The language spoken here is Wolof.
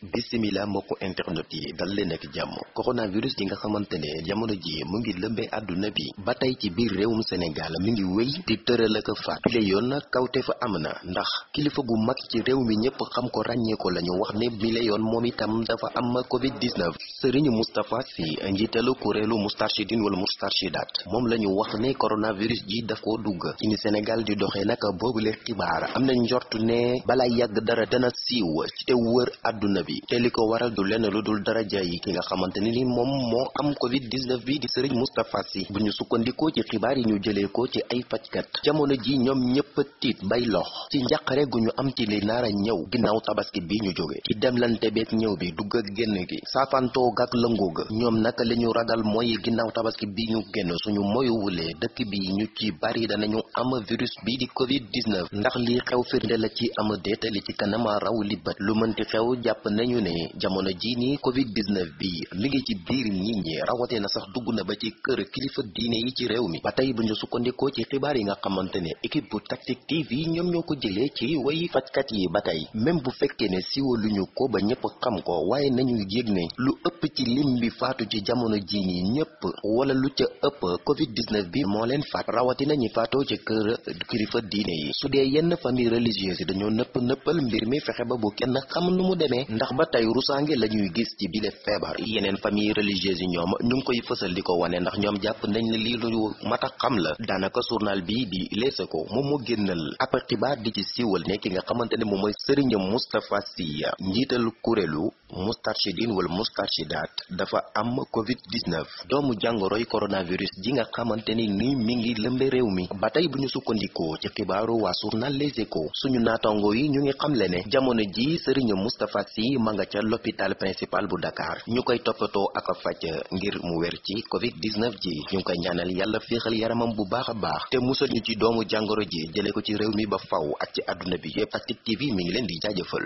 bisimila mbokku internet yi dal leen ak jàmm coronavirus gi nga xamante ne jamono ji mu ngi lëmbee àdduna bi ba tey ci biir réewum Sénégal mi ngi wéy di tëral ak faat bile yoon te fa am na ndax kilifa gu mag ci réew mi ñëpp xam ko ràññee ko lañu wax ne bile yoon moom itam dafa am ma covid 19 Serigne Moustapha Sy njiitalu kuréelu Moustarchidine wala Moustarchidaat moom la ñu wax ne coronavirus ji daf koo dugg ci ni Sénégal di doxee nag boobule xibaar am na njort ne balaa yàgg dara dana siiw ci te wër àdduna bi bi te li ko waral du lenn lu dul daraja yi ki nga xamante ni moom moo am covid 19 bi di sëriñ Moustapha Sy bu ñu sukkandikoo ci xibaar yi ñu jëlee ko ci ay fajkat jamono ji ñoom ñëpp tiit bay lox ci njàqare gu ñu am ci li naara ñëw ginnaaw tabaski bi ñu jóge ci demlante beeg ñëw bi dugg ak génn gi saafantoo gak lëngoo ñoom naka li ragal mooy ginnaaw tabaski bi ñu génn suñu moyuwulee dëkk bi ñu ci bari danañu am virus bi di covid 19 ndax li xew firnde la ci am déetali ci kanama nañu ne jamono ji ni covid 19 bi mi ngi ci biir nit ñi rawatee na sax dugg na ba ci kër kilifa diine yi ci réew mi ba tey bu ñu sukkandikoo ci xibaar yi nga xamante ne équipe bu Tactic TV ñoom ñoo ko jëlee ci way fajkat yi ba tey même bu fekkee ne ñu ko ba ñëpp xam ko waaye nañu yëg ne lu ëpp ci lim bi faatu ci jamono ji ni ñëpp wala lu ca ëpp covid 19 bi moo leen faat rawatina ñi faatoo ci kër kilifa diine yi su dee yenn famille yi dañoo nëpp nëppal mbir mi fexe ba tey rusaange la ñuy gis ci bile feebar yeneen famille religieuse yi ñoom ñu ngi koy fësal di ko wane ndax ñoom jàpp nañ ne lii lu mat a xam la daanaka journal bi di leese ko moom moo génnal ab xibaar di ci siiwal ne ki nga xamante ne moom mooy sëriñ Moustapha Sy njiital kuréelu mustarchidin wala mustarchidaat dafa am covid 19 doomu jàngoro jàngoroy coronavirus ji nga xamante ni nii mi ngi lëmb réew mi ba tey bu ñu sukkandikoo ci xibaaru waa journal Les Échos suñu naatango yi ñu ngi xamle ne jamono ji sëriñ Moustapha Sy ma nga ca l'hôpital principal bu Dakar ñu koy toppatoo ak faj ngir mu wér ci covid 19 ji ñu ngi koy ñaanal yàlla féexal yaramam bu baax a baax te musal ñu ci doomu jàngoro ji jële ko ci réew mi ba faw ak ci àdduna bi yépp Tactic TV mi ngi leen di jaajëfal